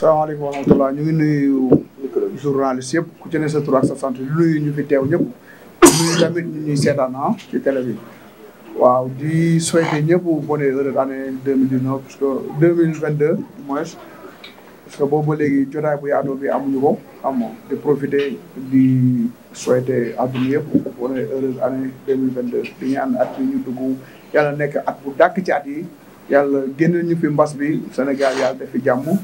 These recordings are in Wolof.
salaamaaleykum wa rahmatulah ñu ngi nuyu journaliste yëpp ku ci ne sa tur sa sant di nuyu ñu fi teew ñëpp nuyu tamit ñu ñuy seetaan ah ci télé bi waaw di souhaiter ñëpp bonne heureuse année deux mille parce que deux mille vingt deux mois parce que boobu ba léegi jotaay bu yaatoo bi amuñu ko xam nga di profiter di souhaiter adduna yëpp bonne heureuse année deux mille vingt deux di ñaan at ñu dugg yàlla nekk at bu dàkk ci at yi yàlla génn ñu fi mbas bi Sénégal yàlla def fi jàmm.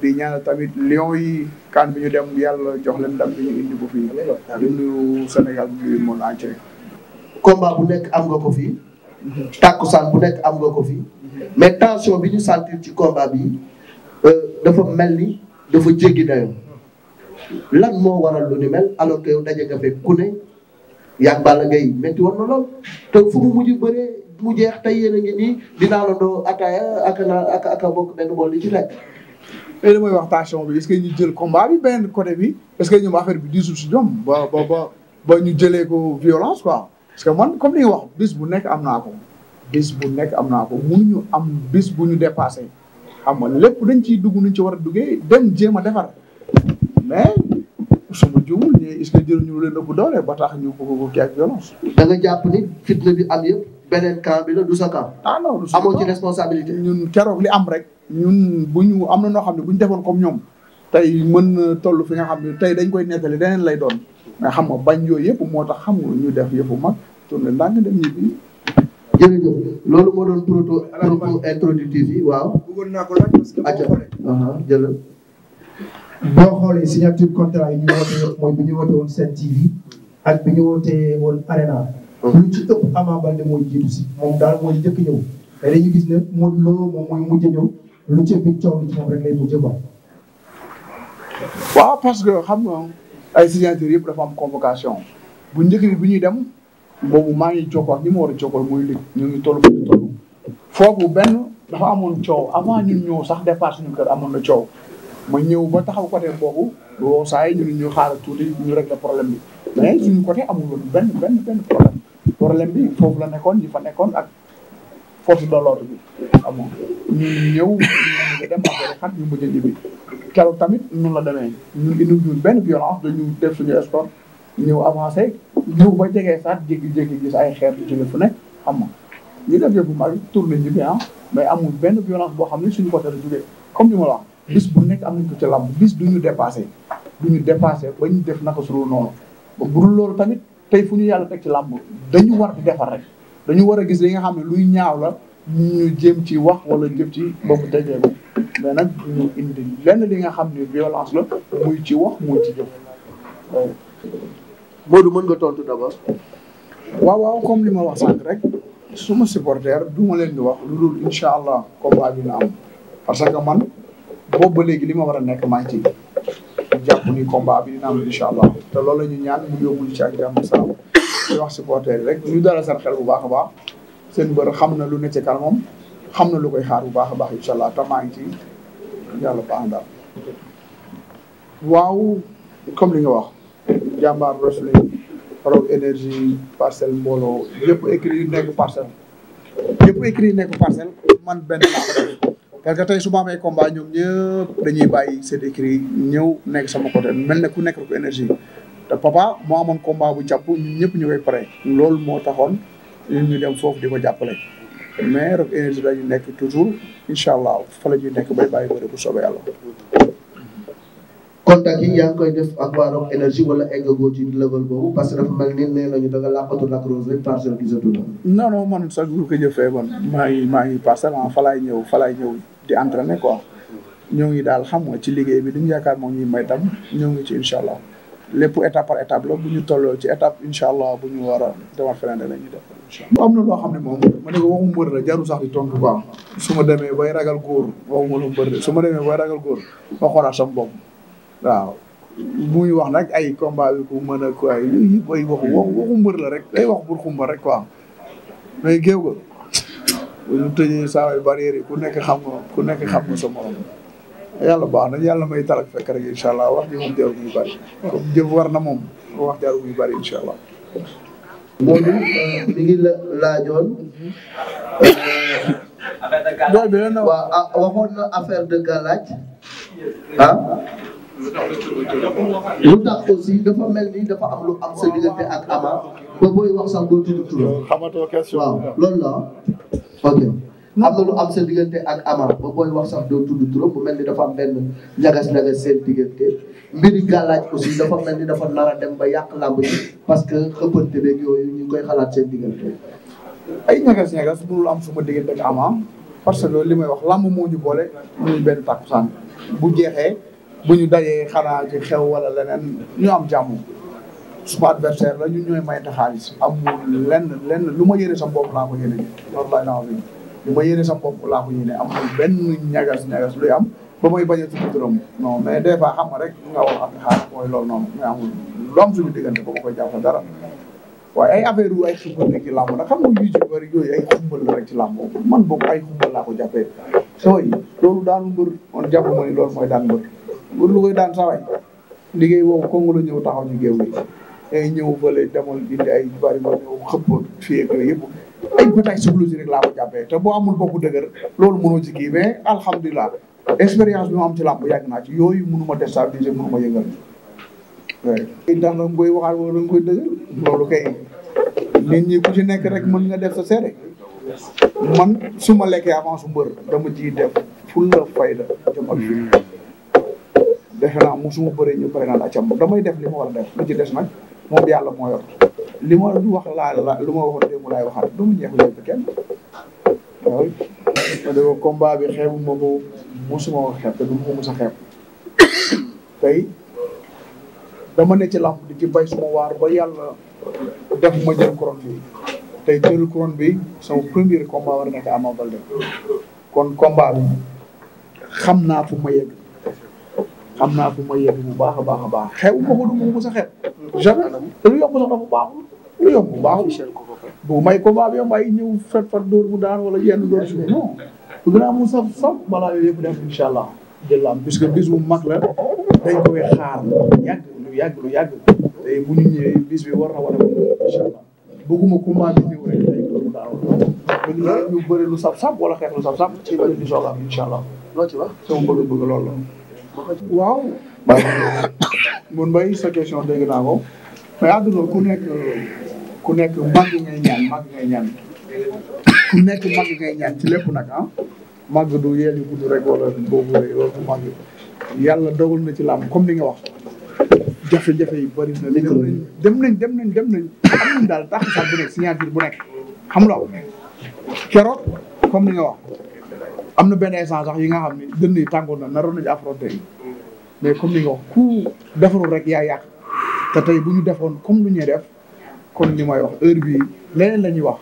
di ñaanal tamit lion yi kan bi ñu dem yàlla jox leen ndam bi ñu indi ko fii di nuyu Sénégal bu nekk am nga ko fii tàkkusaan bu nekk am nga ko fii mais tension bi ñu sentir ci combat yi euh, dafa mel ni dafa jéggi dayoo lan moo waral lu ni mel alors que yow daje nga fekk ku ne yàgg Balla Gaye métti woon na lool te fu mu mujj bëree mu jeex tey ngi nii dinaa la doo ataaya aka bokk benn bool li ci nekk léegi mooy wax bi est-ce ñu jël combat bi benn côté bi est-ce que ñoom affaire bi diisul si ñoom ba ba ba ba ñu jëlee ko violence quoi. parce que man comme li wax bis bu nekk am naa ko bis bu nekk am naa ko mënuñu am bis bu ñu dépassé xam nga lépp dañ ciy dugg nuñ ci war a duggee dem jéem a defar mais su ma juumul ñu est jël ñu leen ëpp doole ba tax ñu bëgg ko kii ak violence. da nga jàpp ni fitna bi am yëpp. beneen camp bi la du sa camp. ah non du sa camp li am rek ñun bu ñu am na noo xam ne bu ñu defoon comme ñoom tey mën toll fi nga xam ne tey dañ koy nettali leneen lay doon xam nga bañ yooyu yëpp moo tax xam nga ñu def yëfu mag tourné ndànk dem ñibbi. jërëjëf loolu moo doon proto propos introductif yi waaw. bëggoon naa ko laaj parce que boo xoolee. jërëjëf. boo xoolee signature contrat yi ñu woote mooy woon Sen TV ak bi ñu woote woon Arena. lu ci ëpp Ama Baldé mooy jiitu moom daal mooy jëkk ñëw mais dañuy gis ne Modou Lo moom mooy mujj ñëw lu ci ëpp waaw parce que xam nga ay signature yëpp dafa am convocation bu njëkk bi bu ñuy dem boobu maa ngi jokkoo ak ma war a jokkal muy lig ñu ngi toll fu benn dafa amoon coow avant ñun ñëw sax départ suñu kër amoon na coow ma ñëw ba taxaw côté boobu looloo saa yi ñu xaaral tuuti ñu régler problème bi mais suñu côté amul woon benn benn benn problème. problème bi foofu la nekkoon ñi fa nekkoon ak force de l'ordre bi xam nga ñu ñëw dem affaire xat ñu mujj a tamit noonu la demee ñun indi ñun benn violence dañu def suñu escorte ñëw avancé ñëw ba jegee saat jékki-jékki gis ay xeer yu jóge fu nekk xam nga ñu def yëfu mag tourné ñibbi ah mais amul benn violence boo xam ne suñu côté la jógee comme bi ma la wax bis bu nekk am nañ ko ci làmb bis du ñu dépassé du ñu dépassé ba ñu def naka suru noonu ba burul loolu tamit tey fu ñu yàlla te ci làmb dañu war di defar rek dañu war a gis li nga xam ne luy ñaaw la ñu jéem ci wax wala jëm ci boobu tegee ko mais nag ñu indi lenn li nga xam ne violence la muy ci wax muy ci jëf. Modou mën nga tontu d'abord. waaw waaw comme li ma wax sànq rek suma supporter du ma leen di wax lu dul incha allah combat bi na am parce que man boobu ba léegi li ma war a nekk maa ci. ñu jàpp ni combat bi dina am incha allah te loolu la ñu ñaan mu yóbbuñu ci ak jàmm salaam di wax supporter rek ñu dalal seen xel bu baax a baax seen bër xam na lu ne ci kanamam xam na lu koy xaar bu baax a baax incha allah te maa ngi ci yàlla baax daal. waaw comme li nga wax jàmbaar Wrestling Rock énergie parcelle mbooloo yëpp écrit yu nekk parcelle yëpp écrit yu nekk parcelle man benn laa ko parce que tey su ma amee combat ñoom ñëpp dañuy bàyyi seen écrit ñëw nekk sama côté mel ne ku nekk rek énergie te papa moo amoon combat bu jàpp ñëpp ñu koy pare. loolu moo taxoon ñun ñu dem foofu di ko jàppale mais rek énergie ñu nekk toujours incha allah fa la ñuy nekk bay bàyyi bëri bu soobee yàlla. contact yi yaa ngi koy def ak waa Rock énergie wala eggagoo ci level boobu parce que dafa mel ni nee nañu da nga làqatu maa ngi maa ngi ah, fa laay ñëw fa laay ñëw. di entraîner quoi ñoo ngi daal xam nga ci liggéey bi li ñu yaakaar moom ñuy may tam ñoo ngi ci incha allah lépp étape par étape la bu ñu tolloo ci étape incha allah bu ñu war a demal feneen la ñuy def incha allah. am loo xam ne moom ma ne ko waxu mbër la jaru sax di tontu quoi su ma demee boy ragal góor waxuma lu mbër su ma demee bay ragal góor ma xoolaat sam bopp waaw. muy wax nag ay combat bi ku mën a quoi yooyu yëpp ay la rek ay wax bur xumba rek quoi mais géew ga bu ñu yu nekk xam ku nekk xam nga yàlla baax na yàlla may talag fekk rek incha allah wax moom jarul muy mi ngi la laajoon. waaw ah, waxoon affaire de galaaj ah. lu tax aussi dafa mel ni dafa am lu am sa ak Ama ba booy wax sax doo tudd turam. question waaw loolu ok am na lu am sa diggante ak Ama ba booy wax sax doo tudd turam bu mel ni dafa am benn ñagas-ñagas seen diggante mbiri laaj aussi dafa mel ni dafa nara dem ba yàq làmb parce que xëppante beeg yooyu ñu ngi koy xalaat seen diggante. ay ñagas-ñagas mënul am sama diggante ak Ama parce que loolu li may wax làmb moo ñu boole ñu benn takkusaan bu jeexee bu ñu dajee xanaa ji xew wala leneen ñu am jàmm. suma adversaire la ñun ñooy mayante xaalis amul lenn lenn lu ma yéene sa bopp laa ko yéene wallahi naa sa bopp laa ko yéene amul benn ñagas ñagas luy am ba may bañ a tudd turam mais des fois xam ma rek nga wax a xaalis mooy loolu noonu mais amul lu am suñu dara waaye ay affaire yu ay xumbal rek ci làmb nag xam nga yu ci bëri yooyu ay xumbal la rek ci làmb man boobu ay xumbal laa ko jàppee sooy loolu daan mbër man jàpp ma ni loolu mooy daan mbër mbër lu koy daan saway liggéey boobu ko la ñëw taxaw ci géew bi dangay eh, ñëw fële demal indi ay bari nga ñëw xëpp fii ak yooyu yëpp rek laa ko te boo amul bopp dëgër loolu mënoo ci kii mais alhamdulilah expérience bi am ci làmb yàgg naa ci yooyu mënu ma déstabiliser mënu ma yëngal waaw. booy waxaat wala nga koy dëgër loolu kay nit ñi ku ci nekk rek mën nga def sa seere man su ma lekkee avant su mbër dama ciy def ful la fayda jëm ak fii mm. defe naa mu suma bëree ñu bëri naa la càmm damay def li ma wala a def li ci des nag. moom yàlla moo yor li ma wax laa la lu ma waxoon démb laay waxaat du mu ñeex lépp kenn waaw ma ne ko combat bi du ma ko mus dama ne ci làmp di ci bay suma waar ba yàlla def ma jël couronne bi tey jël couronne bi sama premier combat war a nekk Ama Baldé kon combat bi xam naa fu ma yegg xam naa fu ma yegg bu baax a baax a baax xew ma ko du ma ko mos a xew. jamais te lu yomb sax dafa baaxul lu yomb bu ñëw fat fat dóor mu daan wala yenn dóor si non. bëgg naa mu saf saf balaa yooyu yëpp def incha allah jël la am puisque bis bu mag la dañ koy xaar yàgg lu yàgg lu yàgg te bu ñu ñëwee bis bi war na war a bëgg incha allah bëgguma ñëw rek ko daan wala ñu bëri lu saf saf wala xeex lu saf saf ci la ñu soxla incha allah loo ci wax sama bëgg bëgg loolu waaw. mun bay sa question dégg naa ko mais àdduna ku nekk ku nekk màgg ngay ñaan màgg ngay ñaan ku nekk màgg ngay ñaan ci lépp nag ah mag du yeel yu gudd rek wala boobu rek wala màgg yàlla dogal na ci làmb comme li nga wax jafe-jafe yi bëri na dem nañ dem nañ dem nañ am daal tax sax bu nekk signature bu nekk xam la keroog comme li nga wax am na benn essence sax yi nga xam ne dënn yi tàngoon na naroon nañu affronté yi mais comme ni nga wax ku defarul rek yaa yàq te tey bu ñu defoon comme lu ñuy def kon li may wax heure bii leneen la ñuy wax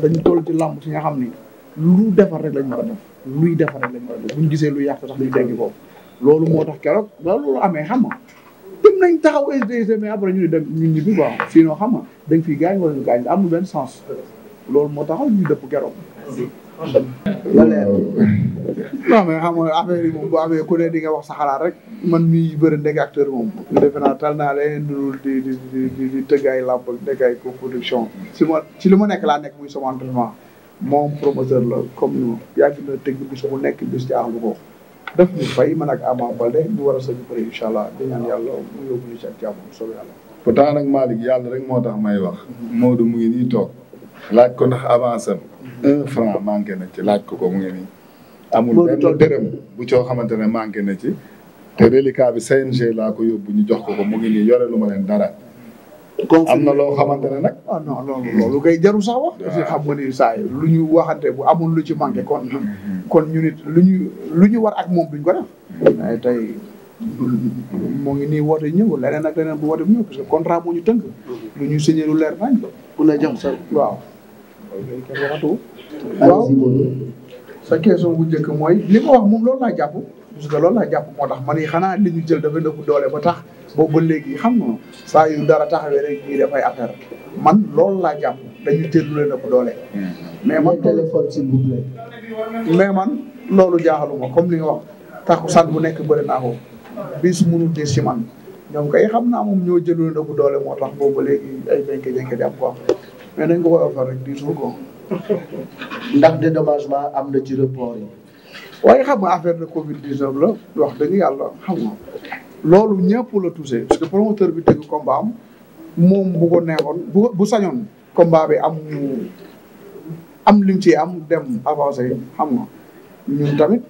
dañu toll ci làmb si nga xam ni lu defar rek lañ war a def luy defar rek lañ war def bu ñu gisee lu yàq sax ñu dégg ko loolu moo tax keroog loolu amee xam nga dem nañ taxaw SDC mais après ñu ne dem ñun ñi bi quoi sinon xam nga dañ fiy gaañ wala ñu gaañ amul benn sens loolu moo taxaw ñu dëpp keroog. non mais xam nga affaire yi moom bu amee ku ne di nga wax sa xalaat rek man mii bëri nekk acteur moom defe naa tal naa leen dul di di di di tëgg ay làmb nekk ay production si ma ci li ma nekk laa nekk muy sama entraînement moom promoteur la comme ni ma yàgg na tëgg bis bu nekk bis jaaxlu ko def ñu fay man ak Ama Baldé ñu war a sañu bëri incha allah di ñaan yàlla mu yóbbu ñu ci ak jàmm soobee yàlla pourtant nag Malick yàlla rek moo tax may wax Maodo mu ngi nii toog laaj ko ndax avance am un franc manqué na ci laaj ko ko mu ngi nii. amul benn dërëm bu coo xamante ne manqué na ci. te reliquat bi CNG laa ko yóbbu ñu jox ko ko mu ngi nii yore lu ma leen dara. am na loo xamante ne nag. ah non kay jaru sax wax. saa lu ñu waxante bu amul lu ci manqué kon. Mm-hmm. kon ñu lu ñu lu ñu war ak moom duñ ko def. Mm-hmm. waaye tey moo ngi nii woote ñëw leneen ak leneen bu woote bu parce que contrat moo ñu tënk. Mm-hmm. lu ñu signé lu leer nañ ko. ne jam sa waaw. waxatu waaw sa question bu njëkk mooy li ma wax moom loolu laa jàpp parce que loolu laa jàpp moo tax man yi xanaa li ñu jël dafa nëbbu doole ba tax boobu ba léegi xam nga saa yu dara taxawee rek ñii dafay affaire man loolu laa jàpp dañu teel lu leen nëbbu doole mais man téléphone s'il mais man loolu jaaxaluma comme li nga wax takkusaan bu nekk bëri naa ko bis mënul des ci man kay xam naa moom ñoo jël lu leen doole moo tax boobu ba léegi ay benke-benke di am ko mais nañ ko koy offal rek diisul ko ndax dédommagement am na ci report yi. waaye xam nga affaire de Covid 19 la wax dëgg yàlla xam nga loolu ñëpp la touché parce que promoteur bi teg combat am moom bu bu bu sañoon combat bi am am lim ci am dem avancé xam nga ñun tamit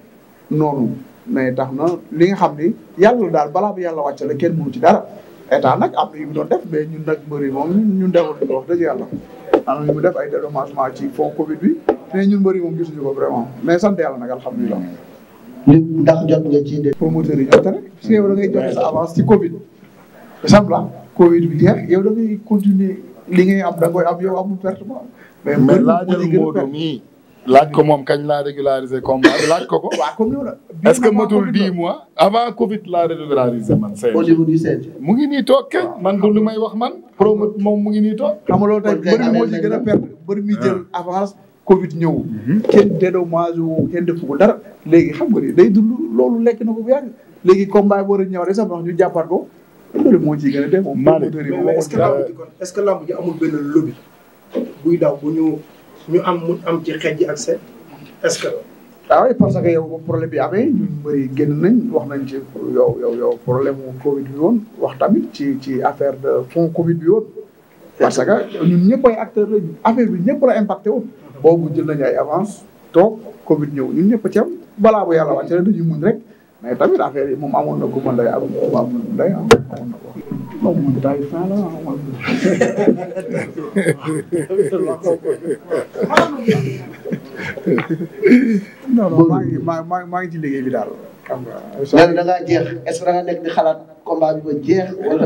noonu mais tax na li nga xam ni yàlla daal balaa bi yàlla wàcc la ken mënu ci daal état nag am na yu mu doon def mais ñun nag mbëri moom ñun deful ñu ko wax dëgg yàlla am na ñu mu def ay dédommagement ci fond Covid bi mais ñun mbëri moom gisuñu ko vraiment mais sant yàlla nag alhamdulilah. li ndax jot nga ci de. promoteurs yi ñoo tere si que yow da ngay a sa avance ci Covid. exemple ah Covid bi jeex yow da ngay continuer li ngay am da ngay am yow amul perte mais laajal Modou mii laaj ko moom kañ laa régulariser combat bi laaj ko ko. waaw comme yow est-ce que matul dix mois avant Covid laa régulariser man. mu ngi nii toog kay man du lu may wax man. promo moom mu ngi nii toog. xam nga loolu tey bëri moo ci gën a perte bëri mi ah. jël avance. Covid ñëw. Mhm. kenn dédommage wu kenn defugul dara. léegi xam nga ni day dund loolu lekk na ko bu yàgg léegi combat bi war a ñëwaat sax wax ñu jàppaat ko loolu moo ciy gën a dem. Malick est-ce que lamb ji est-ce que lamb ji amul benn lobby buy daw bu ñu. ñu am mu am ci xeet yi est-ce que. ah oui parce que yow problème bi amee ñu bëri génn nañ wax nañ ci yow yow yow problème Covid bi woon wax tamit ci ci affaire de fond Covid bi woon. parce que ñun ñëpp ay affaire bi ñëpp la impacté woon. boobu jël nañu ay avance to Covid ñëw ñun ñëpp a ci am balaa bu yàlla wàcce dañuy muñ rek mais tamit affaire yi moom amoon na ku mën day am ku mën amoon na ko. xaw ma maa ngi maa maa maa bi daal xam nga. jeex est-ce nekk di xalaat combat bi ba jeex wala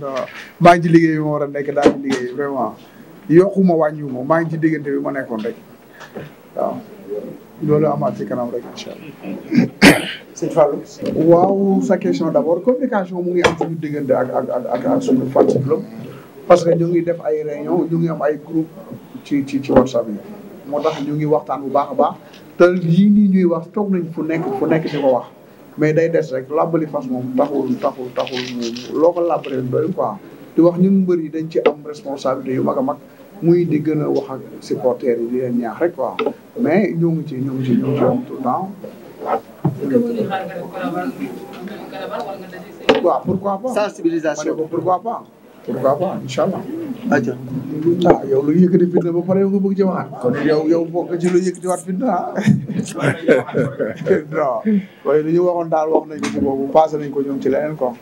da maa ngi ci bi ma war a nekk daal di liggéey vraiment yokku ma wàññiwu maa ngi ci diggante bi ma nekkoon rek waaw. loolu amaat ci kanam rek incha allah. sëñ waaw sa question d' abord communication mu ngi diggante ak ak ak ak suñu fan parce que ñu ngi def ay réunion ñu ngi am ay groupe ci ci ci whatsapp moo tax ñu ngi waxtaan wu baax a baax te lii nii ñuy wax toog nañ fu nekk fu nekk di ko wax mais day des rek làbbali fas moom taxu taxul taxul loo ko làbbali rek di wax ñun mbër yi dañ ci am responsabilité yu mag a mag. muy di gën a wax ak supporters yi di leen ñaax rek waaw mais ñoo ngi ci ñoo ngi ci ñoo ngi ci tout le temps. waaw pourquoi pas. sensibilisation pourquoi pas. pourquoi pas incha allah. atia ah yow lu yëkkati fitna ba pare yow nga bëgg ci waxaat kon yow yow bokk ci lu yëkkati waat fitna ah. non waaye li ñu waxoon daal wax nañ ko ci boobu passé nañ ko ñoom ci leneen quoi.